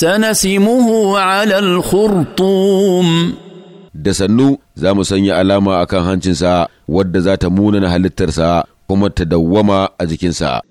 سنسمه على الخرطوم da sannu za mu sanya alama a kan hancinsa wadda za ta munana halittarsa kuma ta dawwama a jikinsa.